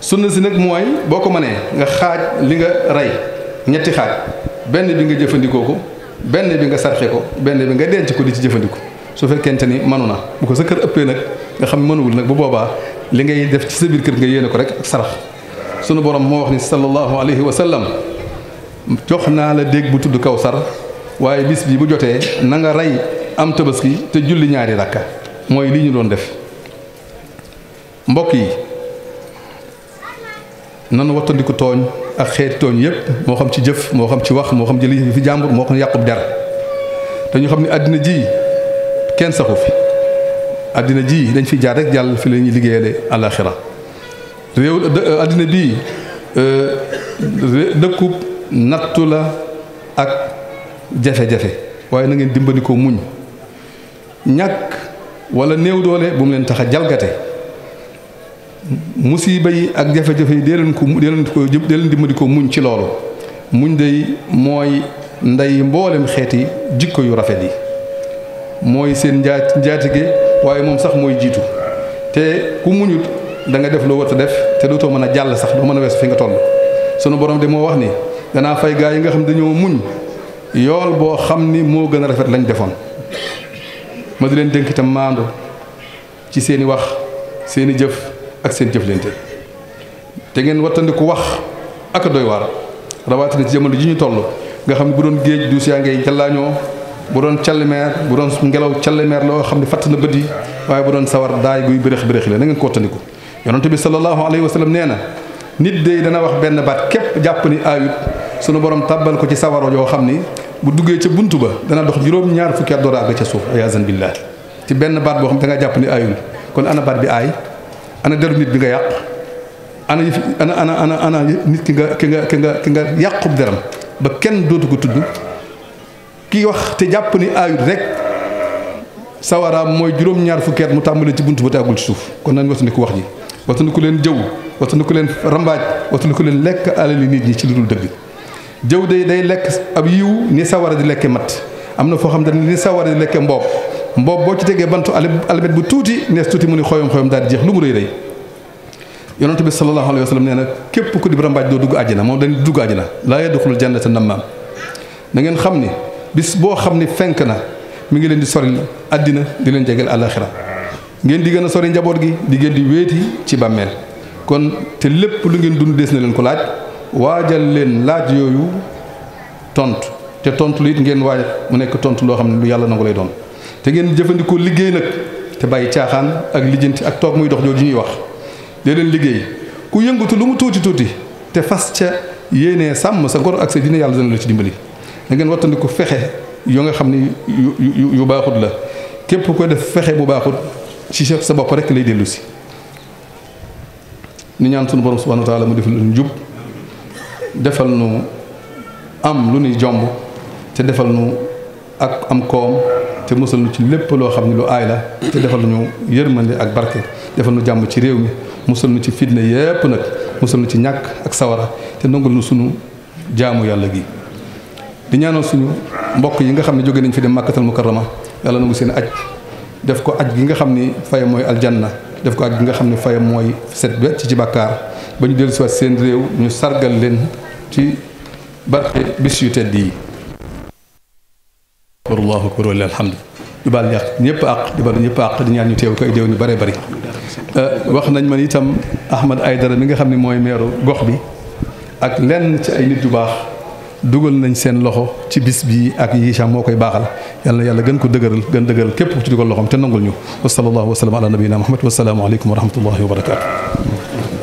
sunna si nag mooy boo ko manee nga xaaj li nga rey ñetti xaaj benn bi nga jëfandikoo ko benn bi nga sarxe ko benn bi nga denc ko di ci jëfandikoo su fekkente ni manu na bu ko sa kër ëppee nag nga xam mënuwul nag bu boobaa li ngay def ci sa biir kër nga yéene ko rek ak sunu borom moo wax ni sallallahu alayhi wa sallam jox naa la dégg bu tudd kaw sar waaye bis bi bu jotee na nga rey am tabaski te julli ñaari rakka mooy li ñu doon def mbokk yi nan wattandiku tooñ ak xeeti tooñ yëpp moo xam ci jëf moo xam ci wax moo xam jëli fi jàmbur moo xam yàqub der dañu xam ni àddina ji kenn saxu fi àddina ji dañ fi jaar rek jàll fi la ñuy liggéeyale àllaaxira réew euh, àddina bii euh, dëkkub nattu la ak jafe-jafe waaye na ngeen dimbali ko muñ ñàkk wala néew doole bu mu leen tax a jalgate musiba yi ak jafe-jafe yi dee ko dee leen ko dee leen dimbali ko muñ ci loolu muñ de mooy ndey mboolem xeeti jikko yu rafet yi mooy seen njaat njaatige waaye moom sax mooy jiitu te ku muñut da def loo war def te dootoo mën a jàll sax doo mën a weesu fi nga toll sunu borom de moo wax ni danaa fay gaa yi nga xam dañoo muñ yool boo xam ni moo gën a rafet lañ defoon ma di leen dénk itam maandu ci seeni wax seeni jëf ak seen jëflante te ngeen wattandiku wax ak doy waar rawatina ci jamono ji ñu toll nga xam ne bu doon géej duus yaa ngay jallaañoo bu doon callimeer bu doon ngelaw callimeer loo xam ne fàtt na bët yi waaye bu doon sawar daay guy bërëx bërëx la na ngeen ko wattandiku yonente bi sallallahu alayhi wa sallam nee na nit day dana wax benn baat képp jàpp ni aayut sunu borom tàbbal ko ci sawaro yoo xam ni bu duggee ca bunt ba dana dox juróom-ñaar fukki at door a àgg ca suuf ayaasan ci benn baat xam da nga jàpp ni aayul ana deru nit bi nga yàq ana yëf ana ana ana ana nit ki nga ki nga ki nga ki nga deram ba kenn dootu ko tudd ki wax te jàpp ni aayut rek sawaraam mooy juróom-ñaar fukki at mu tàmbalee ci bunt ba tàggul ci suuf kon nañ watu ni ko wax ji watu ni leen jëw watu ni leen rambaaj watu ni leen lekk alali nit ñi ci lu dul dëgg jëw day day lekk ab yiw ni sawara di lekke matt am na foo xam ne ni sawara di lekke mboob mboobu boo ci tegee bantu almet bu tuuti nees tuuti mu ni xoyom xoyom daal di jeex lu mu rëy rëy yonent bi sallallahu alayhi wa sallam nee na képp ku di rambaaj doo dugg àjjana moom dañuy dugg àjjana laa yadxulul jannata nammaam na ngeen xam ni bis boo xam ni fenk na mi ngi leen di sori àddina di leen jegeel àllaaxira ngeen di gën a sori njaboot gi di ngeen di wéeti ci bàmmeel kon te lépp lu ngeen dund des na leen ko laaj waajal leen laaj yooyu tontu te tontu lu it ngeen waaj mu nekk tontu loo xam ne lu yàlla nangu lay doon. te ngeen jëfandikoo liggéey nag te bàyyi caaxaan ak lijjanti ak toog muy dox jooju ñuy wax dee leen liggéey ku yëngatu lu mu tuuti tuuti te fas ca yéenee sàmm sa ngor ak sa dina yàlla dana la ci dimbali da ngeen wattandiku fexe yoo nga xam ni yu yu baaxut la képp ko def fexe bu baaxut ci sa bopp rek lay dellu si ni ñaan sunu borom subhanahu mu defal lu jub defal nu am lu nuy jomb te defal nu ak am koom ci musal nu ci lépp loo xam ne lu aay la te defal ñu yërmande ak barke defal nu jàmm ci réew mi musal nu ci fitna yépp nag musal nu ci ñàkk ak sawara te nangul nu sunu jaamu yàlla gi di ñaanal suñu mbokk yi nga xam ne jóge nañ fi dem màkkatal mukarrama yàlla nangu seen aj def ko aj gi nga xam ni fay mooy aljanna def ko aj gi nga xam ne fayam mooy set ba ci ci bàkkaar ba ñu dellusiwaat seen réew ñu sargal leen ci barke bis yu tedd yi akbar allahu akbar walilahi alhamdu di baal ñëpp àq ñëpp àq di ñu teew ko ay déew ñu bëree euh, wax nañ man itam Ahmed Aidara mi nga xam ne mooy meeru gox bi ak lenn ci ay nit yu baax dugal nañ seen loxo ci bis bi ak yiisam moo koy baaxal yàlla yàlla gën ko dëgëral gën dëgëral képp ku ci dugal loxoom te nangul ñu wa sallallahu wa sallam ala nabiyina muhammad wa salaamu aleykum wa rahmatullahi wa barakatu